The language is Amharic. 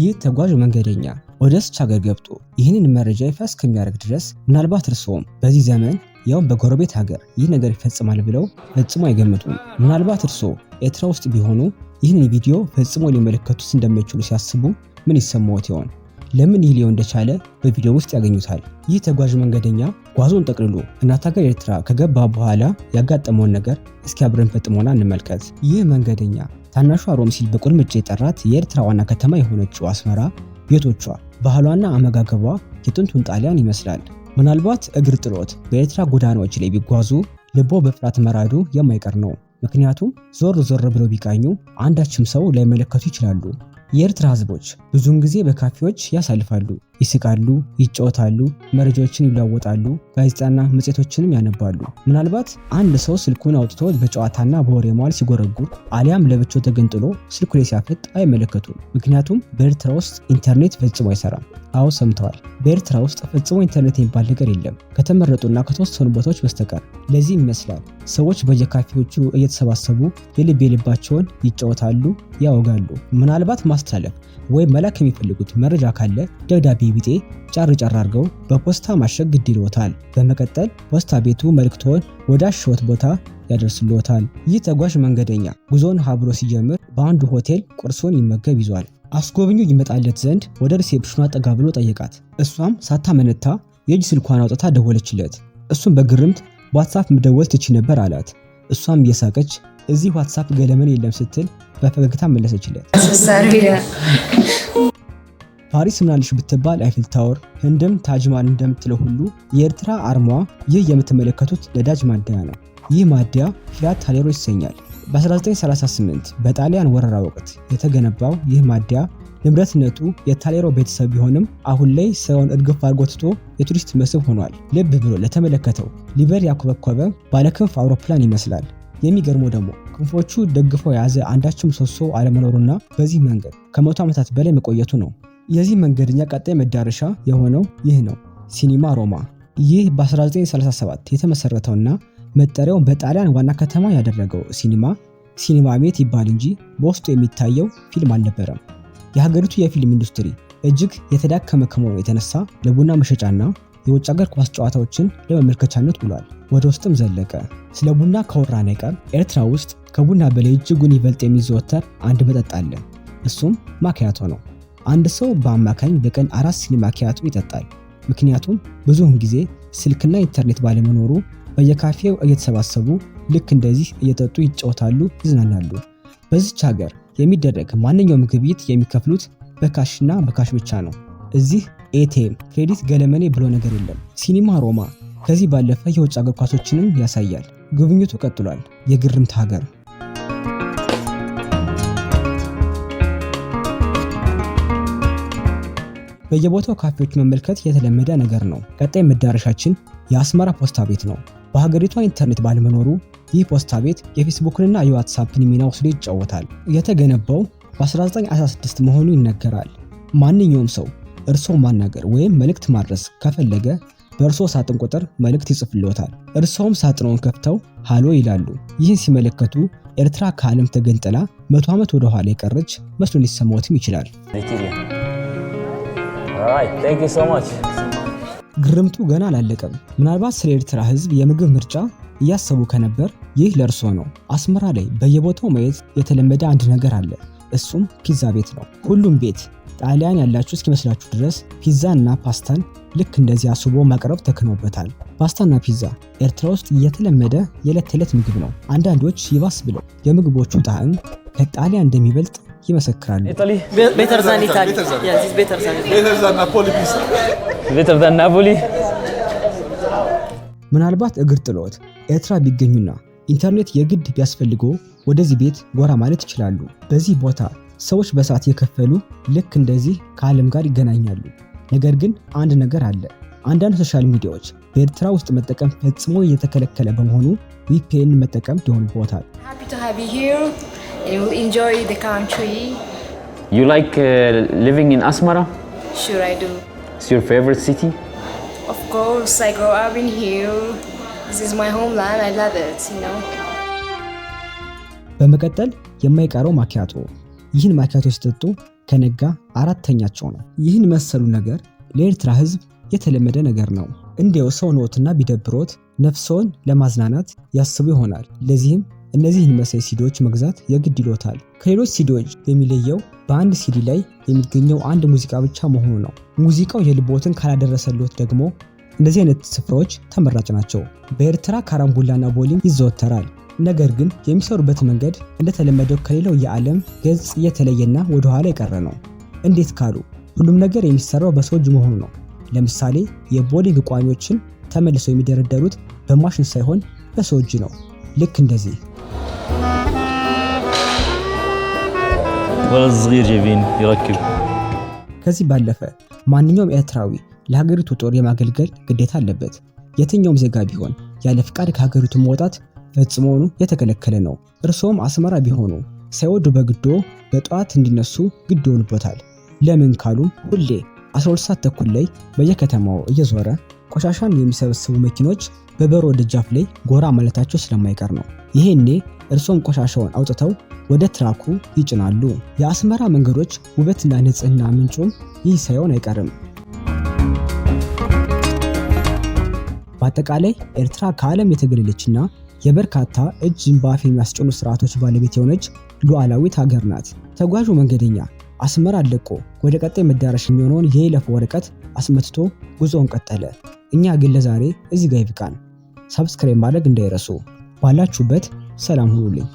ይህ ተጓዥ መንገደኛ ወደ ስች ሀገር ገብቶ ይህንን መረጃ ይፋ እስከሚያደርግ ድረስ ምናልባት እርስዎም በዚህ ዘመን ያውም በጎረቤት ሀገር ይህ ነገር ይፈጽማል ብለው ፈጽሞ አይገምቱም። ምናልባት እርስዎ ኤርትራ ውስጥ ቢሆኑ ይህን ቪዲዮ ፈጽሞ ሊመለከቱት እንደማይችሉ ሲያስቡ ምን ይሰማዎት ይሆን? ለምን ይህ ሊሆን እንደቻለ በቪዲዮ ውስጥ ያገኙታል። ይህ ተጓዥ መንገደኛ ጓዞን ጠቅልሎ እናት ሀገር ኤርትራ ከገባ በኋላ ያጋጠመውን ነገር እስኪ አብረን ፈጥሞና እንመልከት። ይህ መንገደኛ ታናሿ ሮም ሲል በቁልምጭ የጠራት የኤርትራ ዋና ከተማ የሆነችው አስመራ ቤቶቿ፣ ባህሏና አመጋገቧ የጥንቱን ጣሊያን ይመስላል። ምናልባት እግር ጥሎት በኤርትራ ጎዳናዎች ላይ ቢጓዙ ልቦ በፍርሃት መራዱ የማይቀር ነው። ምክንያቱም ዞር ዞር ብለው ቢቃኙ አንዳችም ሰው ላይመለከቱ ይችላሉ። የኤርትራ ህዝቦች ብዙውን ጊዜ በካፌዎች ያሳልፋሉ፣ ይስቃሉ፣ ይጫወታሉ፣ መረጃዎችን ይለዋወጣሉ፣ ጋዜጣና መጽሔቶችንም ያነባሉ። ምናልባት አንድ ሰው ስልኩን አውጥቶ በጨዋታና በወሬ መዋል ሲጎረጉር አሊያም ለብቻው ተገንጥሎ ስልኩ ላይ ሲያፈጥ አይመለከቱም። ምክንያቱም በኤርትራ ውስጥ ኢንተርኔት ፈጽሞ አይሰራም። አዎ ሰምተዋል። በኤርትራ ውስጥ ፈጽሞ ኢንተርኔት የሚባል ነገር የለም ከተመረጡና ከተወሰኑ ቦታዎች በስተቀር። ለዚህም ይመስላል ሰዎች በየካፌዎቹ እየተሰባሰቡ የልብ የልባቸውን ይጫወታሉ፣ ያወጋሉ። ምናልባት ማስተላለፍ ወይም መላክ የሚፈልጉት መረጃ ካለ ደብዳቤ ቢጤ ጫር ጫር አድርገው በፖስታ ማሸግ ግድ ይልዎታል። በመቀጠል ፖስታ ቤቱ መልእክቶን ወደ አሸወት ቦታ ያደርስልዎታል። ይህ ተጓዥ መንገደኛ ጉዞን ሀብሎ ሲጀምር በአንዱ ሆቴል ቁርሶን ይመገብ ይዟል። አስጎብኙ ይመጣለት ዘንድ ወደ ሪሴፕሽኗ ጠጋ ብሎ ጠየቃት። እሷም ሳታመነታ የእጅ ስልኳን አውጥታ ደወለችለት። እሱም በግርምት በዋትሳፕ መደወል ትቺ ነበር አላት። እሷም እየሳቀች እዚህ ዋትሳፕ ገለመን የለም ስትል በፈገግታ መለሰችለት። ፓሪስ ምናልሽ ብትባል አይፍል ታወር፣ ህንድም ታጅማል እንደምትለው ሁሉ የኤርትራ አርማዋ ይህ የምትመለከቱት ነዳጅ ማደያ ነው። ይህ ማደያ ፊያት ታሌሮ ይሰኛል። በ1938 በጣሊያን ወረራ ወቅት የተገነባው ይህ ማደያ ንብረትነቱ የታሌሮ ቤተሰብ ቢሆንም አሁን ላይ ስራውን እድግፍ አድርጎ ትቶ የቱሪስት መስህብ ሆኗል። ልብ ብሎ ለተመለከተው ሊበር ያኮበኮበ ባለክንፍ አውሮፕላን ይመስላል። የሚገርመው ደግሞ ክንፎቹ ደግፈው የያዘ አንዳችም ምሰሶ አለመኖሩና በዚህ መንገድ ከመቶ ዓመታት በላይ መቆየቱ ነው። የዚህ መንገደኛ ቀጣይ መዳረሻ የሆነው ይህ ነው፣ ሲኒማ ሮማ። ይህ በ1937 የተመሰረተውና መጠሪያውን በጣሊያን ዋና ከተማ ያደረገው ሲኒማ ሲኒማ ቤት ይባል እንጂ በውስጡ የሚታየው ፊልም አልነበረም። የሀገሪቱ የፊልም ኢንዱስትሪ እጅግ የተዳከመ ከመሆኑ የተነሳ ለቡና መሸጫና የውጭ ሀገር ኳስ ጨዋታዎችን ለመመልከቻነት ብሏል። ወደ ውስጥም ዘለቀ። ስለ ቡና ካወራን አይቀር ኤርትራ ውስጥ ከቡና በላይ እጅጉን ይበልጥ የሚዘወተር አንድ መጠጥ አለ። እሱም ማኪያቶ ነው። አንድ ሰው በአማካኝ በቀን አራት ሲኒ ማኪያቶ ይጠጣል። ምክንያቱም ብዙውን ጊዜ ስልክና ኢንተርኔት ባለመኖሩ በየካፌው እየተሰባሰቡ ልክ እንደዚህ እየጠጡ ይጫወታሉ፣ ይዝናናሉ። በዚች ሀገር የሚደረግ ማንኛውም ግብይት የሚከፍሉት በካሽና በካሽ ብቻ ነው። እዚህ ኤቲኤም፣ ክሬዲት፣ ገለመኔ ብሎ ነገር የለም። ሲኒማ ሮማ ከዚህ ባለፈ የውጭ ሀገር ኳሶችንም ያሳያል። ጉብኝቱ ቀጥሏል። የግርምት ሀገር በየቦታው ካፌዎች መመልከት የተለመደ ነገር ነው። ቀጣይ መዳረሻችን የአስመራ ፖስታ ቤት ነው። በሀገሪቷ ኢንተርኔት ባለመኖሩ ይህ ፖስታ ቤት የፌስቡክንና የዋትሳፕን ሚና ወስዶ ይጫወታል። የተገነባው በ1916 መሆኑ ይነገራል። ማንኛውም ሰው እርስዎ ማናገር ወይም መልእክት ማድረስ ከፈለገ በእርሶ ሳጥን ቁጥር መልእክት ይጽፍልዎታል። እርስዎም ሳጥነውን ከፍተው ሃሎ ይላሉ። ይህን ሲመለከቱ ኤርትራ ከዓለም ተገንጥላ መቶ ዓመት ወደ ኋላ የቀረች መስሎ ሊሰማዎትም ይችላል። ግርምቱ ገና አላለቀም። ምናልባት ስለ ኤርትራ ህዝብ የምግብ ምርጫ እያሰቡ ከነበር ይህ ለእርሶ ነው። አስመራ ላይ በየቦታው ማየት የተለመደ አንድ ነገር አለ። እሱም ፒዛ ቤት ነው። ሁሉም ቤት ጣሊያን ያላችሁ እስኪመስላችሁ ድረስ ፒዛ እና ፓስታን ልክ እንደዚህ አስውቦ ማቅረብ ተክኖበታል። ፓስታና ፒዛ ኤርትራ ውስጥ የተለመደ የዕለት ተዕለት ምግብ ነው። አንዳንዶች ይባስ ብለው የምግቦቹ ጣዕም ከጣሊያን እንደሚበልጥ ይመሰክራሉ። ምናልባት እግር ጥሎት ኤርትራ ቢገኙና ኢንተርኔት የግድ ቢያስፈልጎ ወደዚህ ቤት ጎራ ማለት ይችላሉ። በዚህ ቦታ ሰዎች በሰዓት የከፈሉ ልክ እንደዚህ ከዓለም ጋር ይገናኛሉ። ነገር ግን አንድ ነገር አለ። አንዳንድ ሶሻል ሚዲያዎች በኤርትራ ውስጥ መጠቀም ፈጽሞ እየተከለከለ በመሆኑ ቪፒኤን መጠቀም ይሆንብዎታል። You enjoy the country. You like uh, living in Asmara? Sure, I do. It's your favorite city? Of course, I grew up in here. This is my homeland. I love it, you know. በመቀጠል የማይቀረው ማኪያቶ። ይህን ማኪያቶ ሲጠጡ ከነጋ አራተኛቸው ነው። ይህን መሰሉ ነገር ለኤርትራ ህዝብ የተለመደ ነገር ነው። እንዲያው ሰው ነዎትና ቢደብሮት ነፍሰውን ለማዝናናት ያስቡ ይሆናል። ለዚህም እነዚህን መሳይ ሲዲዎች መግዛት የግድ ይሎታል። ከሌሎች ሲዲዎች የሚለየው በአንድ ሲዲ ላይ የሚገኘው አንድ ሙዚቃ ብቻ መሆኑ ነው። ሙዚቃው የልቦትን ካላደረሰሎት ደግሞ እንደዚህ አይነት ስፍራዎች ተመራጭ ናቸው። በኤርትራ ካራምቡላና ቦሊም ይዘወተራል። ነገር ግን የሚሰሩበት መንገድ እንደተለመደው ከሌላው የዓለም ገጽ ወደ ወደኋላ የቀረ ነው። እንዴት ካሉ ሁሉም ነገር የሚሰራው በሰው እጅ መሆኑ ነው። ለምሳሌ የቦሊንግ ቋሚዎችን ተመልሰው የሚደረደሩት በማሽን ሳይሆን በሰው እጅ ነው። ልክ እንደዚህ ወለድ صغير جايبين يركب ከዚህ ባለፈ ማንኛውም ኤርትራዊ ለሀገሪቱ ጦር የማገልገል ግዴታ አለበት። የትኛውም ዜጋ ቢሆን ያለ ፍቃድ ከሀገሪቱ መውጣት ፈጽሞውኑ የተከለከለ ነው። እርስዎም አስመራ ቢሆኑ ሳይወዱ በግዶ በጠዋት እንዲነሱ ግድ ይሆንቦታል። ለምን ካሉ ሁሌ 12 ሰዓት ተኩል ላይ በየከተማው እየዞረ ቆሻሻን የሚሰበስቡ መኪኖች በበሮ ደጃፍ ላይ ጎራ ማለታቸው ስለማይቀር ነው። ይሄኔ እርሶም ቆሻሻውን አውጥተው ወደ ትራኩ ይጭናሉ። የአስመራ መንገዶች ውበትና ንጽህና ምንጩም ይህ ሳይሆን አይቀርም። በአጠቃላይ ኤርትራ ከዓለም የተገለለችና የበርካታ እጅ በአፍ የሚያስጭኑ ስርዓቶች ባለቤት የሆነች ሉዓላዊት ሀገር ናት። ተጓዡ መንገደኛ አስመራ አለቆ ወደ ቀጣይ መዳረሻ የሚሆነውን የይለፍ ወረቀት አስመትቶ ጉዞውን ቀጠለ። እኛ ግን ለዛሬ እዚህ ጋር ይብቃን። ሰብስክራይብ ማድረግ እንዳይረሱ። ባላችሁበት ሰላም ሁኑልኝ።